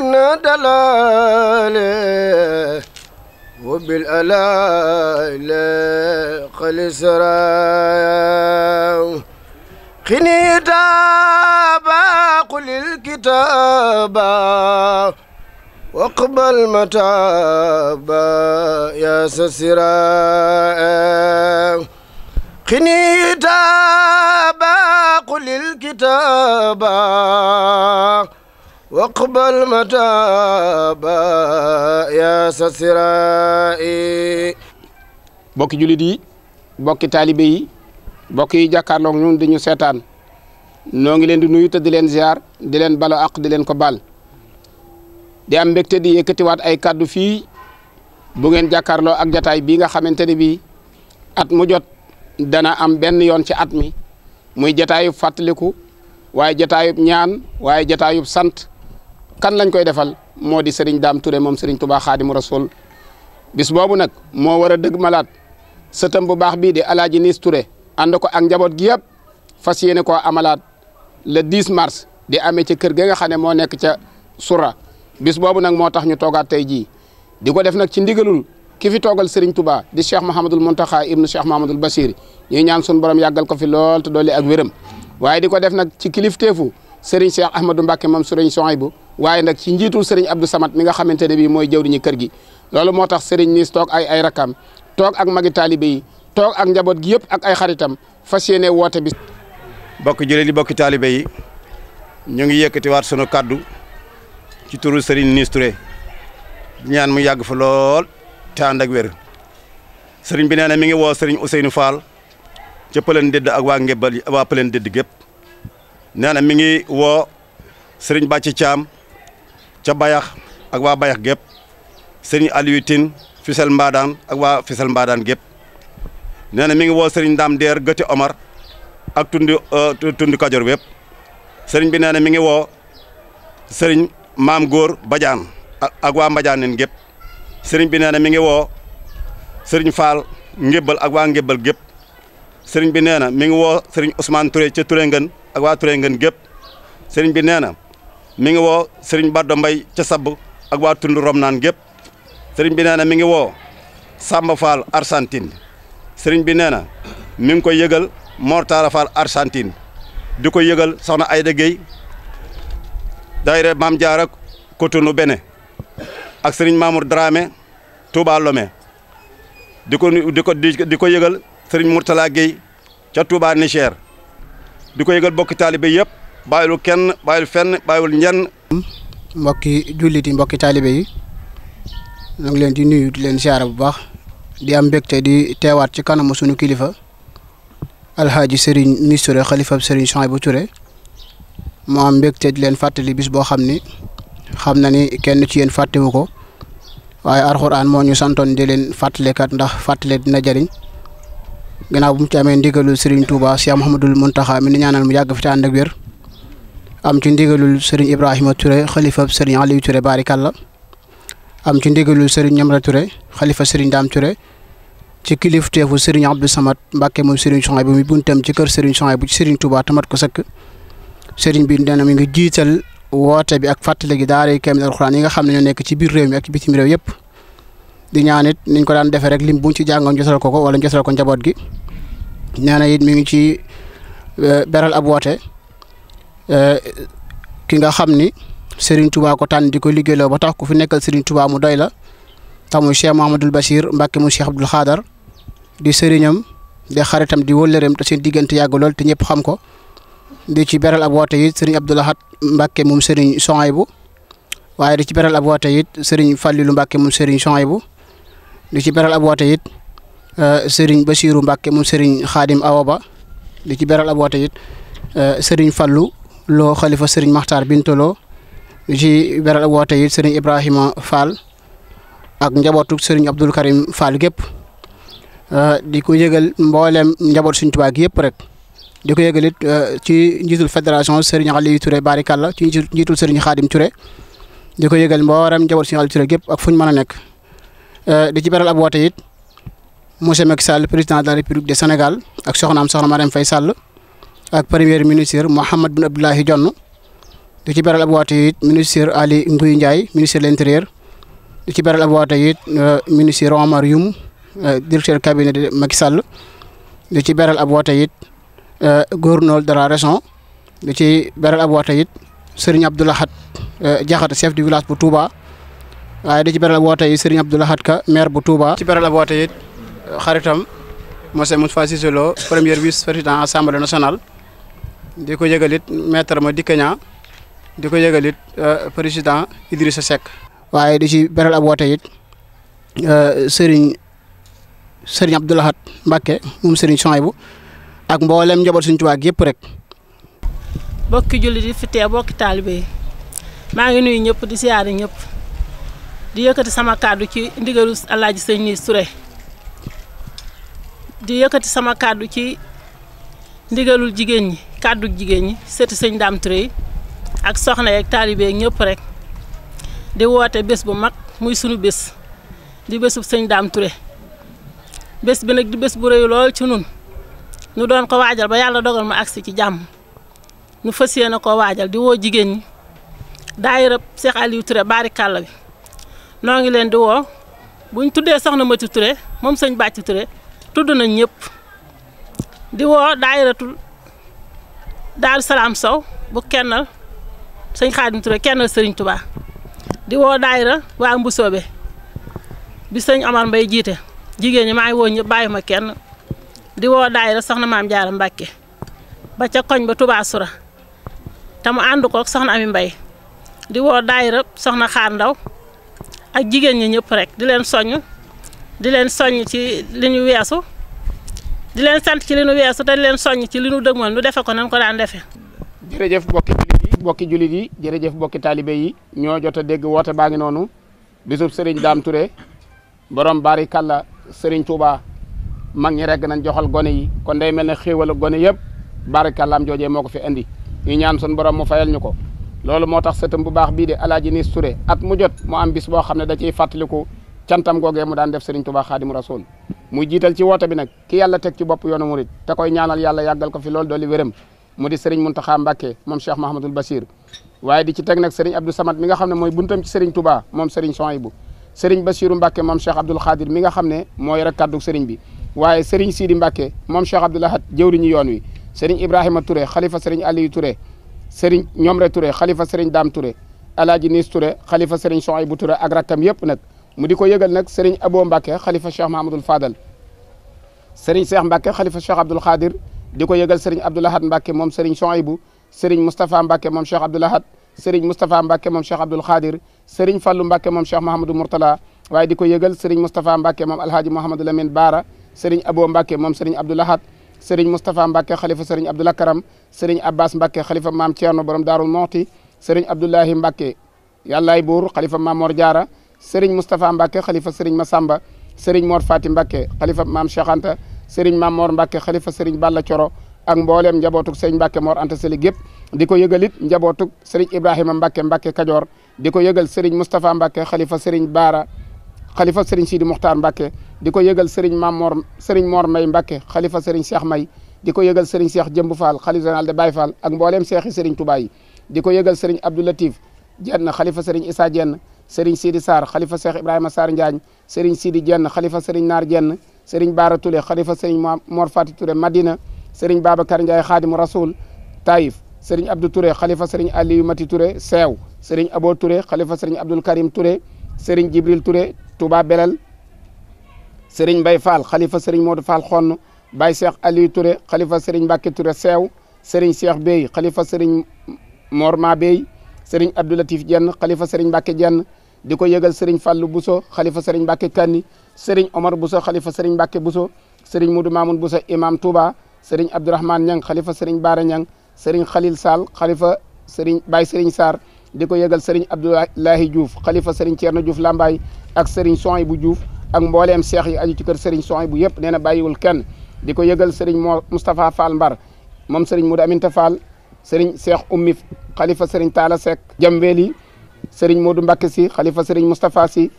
من دلاله وبالألال خلص راو خني دابا قل الكتابا واقبل متابا يا سسرا خني دابا قل الكتابا واقبل متابا yaa sa sirai bokki jullit yi bokki taalibe yi bokk yi jàkkaarloog ñun dañu seetaan noo ngi leen di nuyu di leen di leen balo ak di leen ko baal di am mbégte di yëkkatiwaat ay kàddu fii bu ngeen jàkkaarloo ak jataay bii nga xamante ne bii at mu dana am benn yoon ci at mi muy jataayub fàttaliku waaye jataayub ñaan waaye jataayub sant kan lañ koy defal moo di Serigne daam Touré moom seriñ Serigne Touba Xaadimu Rasul bis boobu nag moo war a dëgg malaat sëtam bu baax bii di El Hadj Nis Touré ko ak njaboot gi yëpp fas yéene ko amalaat le 10 mars di amee ci kër ga nga xam ne moo nekk ca Sura bis boobu nag moo tax ñu toogaat tey jii di ko def nag ci ndigalul ki fi toogal Serigne Touba di Cheikh Mouhamadul Mountakha ibnu Cheikh Mouhamadul Bachir ñuy ñaan sun borom yàggal ko fi lool te dolli ak wéram waaye di ko def nag ci kilifteefu Serigne Cheikh Ahmadou Mbacke moom Serigne Souhaïbou waye nak ci njitu serigne Abdou Samad mi nga xamantene bi moy mooy lalu kër gi lolu motax serigne ni stock ay ay rakam tok ak magi taalibe yi tok ak njabot gi yëpp ak ay xaritam fas yéene bi. bokk jëlé li bokk talibé yi ñu ngi waat suñu kaddu ci turu serigne Nis Touré ñaan mu yagg fa lool te ànd ak wër serigne bi nee mi ngi wo serigne Ousseynou Fall ci pelen dedd ak wa ngebal wa pelen dedd gep nee mi ngi wo serigne bacci cham ca bayax ak waa bayax gépp sëriñ Aliou Tine Fisel Mbadaan ak waa Fisel Mbadaan gépp nee na mi ngi woo sëriñ Ndam Deer Gëti Omar ak tundi euh, tundi Kajoor wépp sëriñ bi nee na mi ngi woo sëriñ maam góor Badiane ak waa Mbadiane gépp sëriñ bi nee na mi ngi woo sëriñ Fall ngébbal ak waa ngébbal gépp sëriñ bi nee na mi ngi woo sëriñ Ousmane Touré ca Touré ngën ak waa Touré gépp sëriñ bi nee na mi ngi woo sëriñ Baddo Mbay ca sabb ak waa tund Romnaan gépp sëriñ bi nee na mi ngi woo Samba Fall Argentine sëriñ bi nee na mi ngi koy yëgal Mortara Fall Argentine di ko yëgal soxna Ayda Gueye daayira Maam Jaara Cotonou Bénin ak sëriñ Mamour Dramé Touba Lomé di ko di ko di ko yëgal sëriñ Mourtala Gueye ca Touba Niger di ko yëgal bokki taalibe yëpp bàyyilu kenn bàyyilu fenn bàyyiwul ñenn. mbokki jullit yi mbokki taalibe yi ñu ngi leen di nuyu di leen siyaara bu baax di am mbégte di teewaat ci kanamu sunu kilifa alxaaji Serigne Miss Touré xalifab Serigne Souhaïbou Touré moo am mbégte di leen fàttali bis boo xam ni xam na ni kenn ci yéen fàttewu ko waaye alxuraan moo ñu santoon di leen fàttalekat ndax fàttale dina jariñ gannaaw bu mu ci amee ndigalul Serigne Touba Cheikh Mouhamadul Mountakha mi ni ñaanal mu yàgg fi te ak wér. am ci ndigalul sëriñ Ibrahima Touré xalifa sëriñ Aliou Touré barikàlla am ci ndigalul sëriñ Ñamra Touré xalifa sëriñ Daam Touré ci kilifteefu sëriñ Abdou Samad Mbàkke moom sëriñ Soxay bu muy buntam ci kër sëriñ Soxay bu ci sëriñ Touba tamat ko sëkk sëriñ bi nee na mi ngi jiital woote bi ak fàttali gi daara yi kaamil alxuraan yi nga xam ne ñoo nekk ci biir réew mi ak bitim réew yëpp di ñaan it niñ ko daan defee rek lim buñ ci jàngoon jotal ko ko wala jotal ko njaboot gi nee it mi ngi ci eh, beral ab Eh, ki nga xam ni Serigne Touba ko tànn di ko liggéeyloo ba tax ku fi nekkal Serigne Touba mu doy la tax muy Cheikh Mouhamadul Bachir Mbacke mu Cheikh Abdoul Khadar di seriñam di xaritam di wëllëreem te seen diggante yàgg lool te ñëpp xam ko di ci beral ab woote it Serigne Abdoul Ahad Mbacke moom Serigne Souhaïbou waaye di ci beral ab woote it Serigne Fallilou Mbacke moom Serigne Souhaïbou di ci beral ab woote it eh, Serigne Mbacke moom Serigne Khadim Ba di ci beral ab woote it eh, Serigne Fallou. loo xalifa sëriñ Maxtaar Bintoloo ji beral ak woote it sëriñ Ibrahima Fall ak njabootu sëriñ Abdul Karim Fall gépp euh, di ko yëgal mboolem njaboot suñ tubaab gi yëpp rek di ko yëgal it euh, ci njiitul fédération sëriñ Aliou Touré Barikalla ci njiitul sëriñ Xaadim Touré di ko yëgal mboolem njaboot suñu Aliou Touré gépp ak fu ñu mën a nekk euh, di ci beral ab woote it monsieur Macky Sall président de la République du Sénégal ak soxnaam soxna Marème Faye Sall. ak premier ministre Mouhamed bin Abdoulaye Dionne di ci beral ab woote it ministre Ali Nguy Ndiaye ministre de di ci beral ab woote it euh, ministre Omar Youm euh, directeur cabinet di ci beral ab woote it euh, gouverneur de la ci beral ab woote it Serigne Abdou Lahad Diakhate chef du village bu Touba waaye di ci beral ab woote it Serigne Abdou Lahad Ka maire bu Touba. ci beral ab woote it xaritam monsieur Moustapha Cissé Lo premier vice président assemblée nationale. di ko yëgal it ma Madické Niang di ko yëgal it euh, président Idrissa Seck. waaye di ci beral ab woote sëriñ euh, Serigne Serigne Abdou Lahad Mbacké moom ak mboolem njaboot Serigne Touba yëpp rek. bokki julli di fi bokki taalibe maa ngi nuyu ñëpp di siyaare ñëpp di yëkkati sama kàddu ci ndigalu Alaaji Sëñ Nis Touré di yëkkati sama kàddu ci. ndigalul jigéen ñi kàddu jigéen ñi sëti sëñ Dame Touré yi ak soxna yeeg taalibe yeeg ñëpp rek di woote bés bu mag muy sunu bés di bésu sëñ Dame Touré bés bi nag di bés bu rëy lool ci nun nu doon ko waajal ba yàlla dogal ma agsi ci jàmm nu fas yéene ko waajal di woo jigéen ñi daayira Cheikh Aliou Touré baari kàlla bi noo ngi leen di woo buñ tuddee soxna Mati Touré moom sëñ Bàcc Touré tudd na ñëpp di woo daayiratul daaru salaam sow bu kennal sëñ Xaadim Touré kennal sëriñ Touba di woo daayira waa Mbusoobe bi sëñ Amar Mbay jiite jigéen ñi maa ngi woo ñu bàyyi ma kenn di woo daayira soxna maam Jaara Mbàkke ba ca koñ ba tubaa sura te mu ànd kook soxna Ami Mbay di woo daayira na Xaar Ndaw ak jigéen ñi ñëpp rek di leen soññ di leen soññ ci li ñu weesu di leen sant ci li nu weesu di leen soññ ci li nu dëgmal nu defe ko nan ko daan defee. jërëjëf mbokki jullit yi mbokki jullit yi jërëjëf mbokki taalibe yi ñoo jot a dégg woote baa ngi noonu bisub Serigne Dame Touré borom bari kàlla Serigne Touba mag ñi rek na joxal gone yi kon day mel ne xéewal gone yëpp bari kàllaam joojee moo ko fi indi ñu ñaan soon borom mu fayal ñu ko. loolu moo tax sëtam bu baax bii de alaaji Nis Touré at mu jot mu am bis boo xam ne da ciy fàttaliku cantam googee mu daan def Serigne Touba Xaadimu Rasuul muy jital ci wota bi nak ki yàlla tek ci bop yoonu murit te koy ñaanal yàlla yagal ko fi lol doli wërem mu di Serigne Mountakha Mbacké mom Cheikh mahamadou Bachir waye di ci tek nak Serigne Abdou Samad mi nga xamne moy buntam ci Serigne Touba mom Serigne Souhaïbou Serigne Bachiru Mbacké mom Cheikh abdou Khadir mi nga xamne moy rek kaddu Serigne bi waye Serigne Sidi Mbacké mom Cheikh abdou lahad Ahad jëwriñu yoon wi Serigne Ibrahima Touré khalifa Serigne ali Touré Serigne Ñomre Touré khalifa Serigne dam Touré aladji nis Touré khalifa Serigne Souhaïbou Touré ak rakam yep nak mu di ko yëgal nag Serigne Abo Mbacke xalifa Cheikh Mahamadul Fadal Serigne Cheikh Mbacke xalifa Cheikh Abdoul Khadir di ko yëgal Serigne Abdoul Ahad Mbacke moom Serigne Souhaïbou Serigne Moustapha Mbacke moom Cheikh Abdoul Ahad Serigne Moustapha Mbacke moom Cheikh Abdoul Khadir Serigne Fallou Mbacke moom Cheikh Mahamadou Mourtala waaye di ko yëgal Serigne Moustapha Mbacke moom Alhaji Mouhamadou Lamine Baara Serigne Abo Mbacke moom Serigne Abdoul Ahad Serigne Moustapha Mbacke xalifa Serigne Abdoul Akaram Serigne Abbas Mbacke xalifa mam Thierno borom Daarul Moxti Serigne Abdoulahi Mbacke yàllaay buur xalifa Maam Mor Diarra Serigne Moustapha Mbacke xalifa Serigne Massamba Serigne Mor Fati Mbacke xalifa maam Cheikh Anta Serigne maam Mor Mbacke xalifa Serigne Balla Coro ak mbooleem njabootuk Serigne Mbacke Mor Anta Sali gépp di ko yëgalit njabootuk Serigne Ibrahima Mbacke Mbacke Kajoor di ko yëgal Serigne Moustapha Mbacke xalifa Serigne Baara xalifa Serigne Sidi Muxtaar Mbacke di ko yëgal Serigne maam Mor Serigne Mor May Mbacke xalifa Serigne Cheikh May di ko yëgal Serigne Cheikh Jëmb Fall xalifa général de Baye Fall ak mbooleem seexi Serigne Touba yi di yëgal Serigne Abdou Latif Jenn xalifa Serigne Issa Jenn Serigne Sidi Sarr xalifa Cheikh Ibrahima Sarr Njaañ Serigne Sidi Jenn xalifa Serigne Naar Jenn Serigne Baara Touré xalifa Serigne Mor Fati Touré Madina Serigne Babacar Ndiaye Xaadimu Rasul Taïf Serigne Abdou Touré xalifa Serigne Aliou Mati Touré Seew Serigne Abo Touré xalifa Serigne Abdoul Karim Touré Serigne Jibril Touré Touba Belal Serigne Mbaye Fall xalifa Serigne Modou Fall Xonn Baye Cheikh Aliou Touré xalifa Serigne Mbacke Touré Seew Serigne Cheikh Bey xalifa Serigne Mor Ma Bey Serigne Abdoulatif Jenn xalifa Serigne Mbacke Jenn diko yëgal sëriñ Fallou Bousso khalifa sëriñ mbake Kanni sëriñ Omar Bousso khalifa sëriñ mbake Bousso sëriñ Moudou Mamoun Bousso imam Touba sëriñ abdourahman Niang khalifa sëriñ Baara Niang sëriñ Khalil Sall khalifa sëriñ bay serigne sar diko yëgal sëriñ Abdoulahi Diouf khalifa sëriñ tierno Diouf lambay ak sëriñ Sohaibou Diouf ak mbollem cheikh yi aji ci keur sëriñ Sohaibou yëpp yep neena bayiwul kenn diko yëgal sëriñ moo Fall Mbar mom sëriñ Moudou Aminta Fall sëriñ Cheikh oumif khalifa serigne tala sek jamweli Serigne Modou Mbacke si xalifa Serigne Moustapha si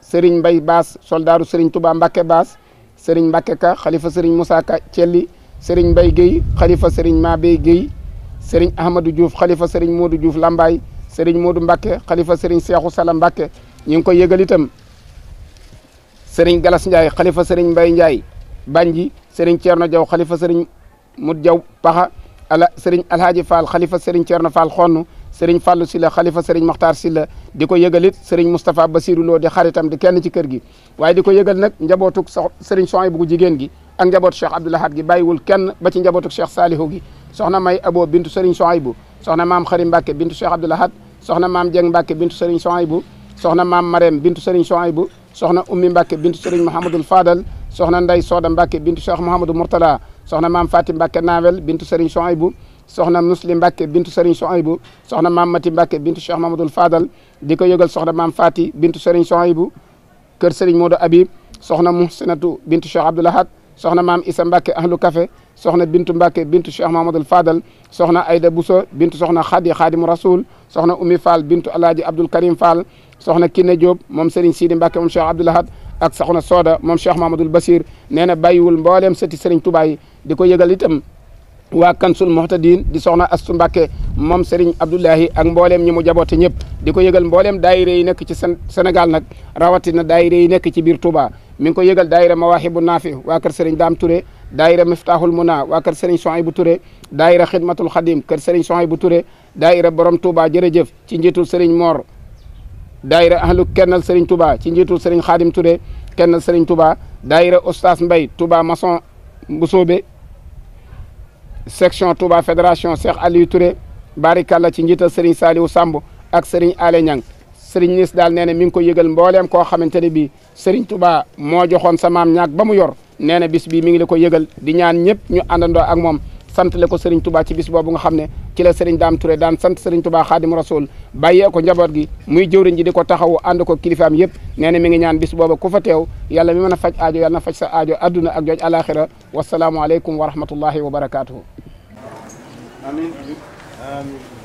Serigne Mbaye Baas soldaaru Serigne Touba Mbacke Baas Serigne Mbacke Ka xalifa Serigne Moussa Ka Thielly Serigne Mbaye Guèye xalifa Serigne Mabé Guèye Serigne Ahmadou Diouf xalifa Serigne Modou Diouf Lambaye Serigne Modou Mbacke xalifa Serigne Cheikhou Sala Mbacke ñu ngi yëgal itam Serigne Galas Ndiaye xalifa Serigne Mbaye Ndiaye Banji Serigne Thierno Diaw xalifa Serigne Mut Diaw Paxa ala Serigne Alhaji Fall xalifa Serigne Thierno Fall xonn sëriñ Fallou Sylla xalifa sëriñ Makhtar Sylla di ko yëgal it sëriñ Moustapha Bassirou Lo di xaritam di kenn ci kër gi waaye di yëgal nag njabootuk sëriñ Souhaïbou bu jigéen gi ak njaboot Cheikh Abdoul Ahad gi bàyyiwul kenn ba ci njabootuk Cheikh Salihu gi soxna May Abo bintu sëriñ Souhaïbou soxna maam Xari Mbacke bintu Cheikh Abdoul Ahad soxna maam Dieng Mbacke bintu sëriñ Souhaïbou soxna marem Marème bintu sëriñ Souhaïbou soxna Ummi Mbacke bintu sëriñ Mouhamadul Fadal soxna Nday Soda Mbacke bintu Cheikh Mouhamadou Mourtala soxna maam Fatim Mbacke Nawel bintu sëriñ Souhaïbou soxna muslim Mbacke bint Serigne soaybu soxna maam Mati Mbacke bint Cheikh Mamadou Fadal diko yëgal soxna mam Fati bint Serigne soaybu keur Serigne Modou Habib soxna Muhsinatu bint Cheikh Abdoul Ahad soxna mam isa Mbacke ahlu Café soxna bint Mbacke bint Cheikh Mamadou Fadal soxna Aida Bousso bint soxna Khadi khadim Rasoul soxna Oumy Fall bint aladi Abdoul Karim Fall soxna Kiné job mom Serigne Sidi Mbacke mom Cheikh Abdoul Ahad ak soxna Soda mom Cheikh Mamadou Basir neena bayiwul mbollem setti Serigne Touba yi diko yëgal itam waa Kansul Muhtadin di soxna Astu Mbàkke moom Serigne Abdoulahi ak mbooleem ñi mu jaboote ñëpp di ko yëgal mbooleem daayira yi nekk ci Sénégal nag rawatina daayira yi nekk ci biir Touba mi ngi ko yëgal daayira Mawaahibu Naafi waa kër Serigne Daam Touré daayira Miftahul Muna waa kër Serigne Souhaïbou Touré daayira Xidmatul Xadim kër Serigne Souhaïbou Touré daayira Borom Touba jërëjëf ci njiitul Serigne Mor daayira ahlu kennal Serigne ci njiitul Serigne Xaadim Touré kennal Serigne Touba daayira Oustaz Mbay Touba maçon Mbusoobe section Touba fédération Cheikh Aliou Touré barikàlla ci njiital Serigne Saliou Samb ak Serigne Ale Niang Serigne Nis daal nee na mi ngi ko yëgal mbooleem koo xamante ne bii Serigne Touba moo joxoon sa ñaak ba mu yor nee na bis bii mi ngi la ko yëgal di ñaan ñëpp ñu àndandoo ak moom. sant le ko tubaa Touba ci bis boobu nga xam ne ci la Serigne Dame Touré daan sant Serigne Touba Xaadim Rasul bàyyee ko jaboot gi muy jëwriñ ji di ko taxawu ànd ko kilifaam yëpp nee na mi ngi ñaan bis booba ku fa teew yàlla mi mën a faj aajo yàlla na faj sa aajo adduna ak jooj alaxira wasalaamualeykum wa rahmatullahi wa barakaatuhu. amiin amiin.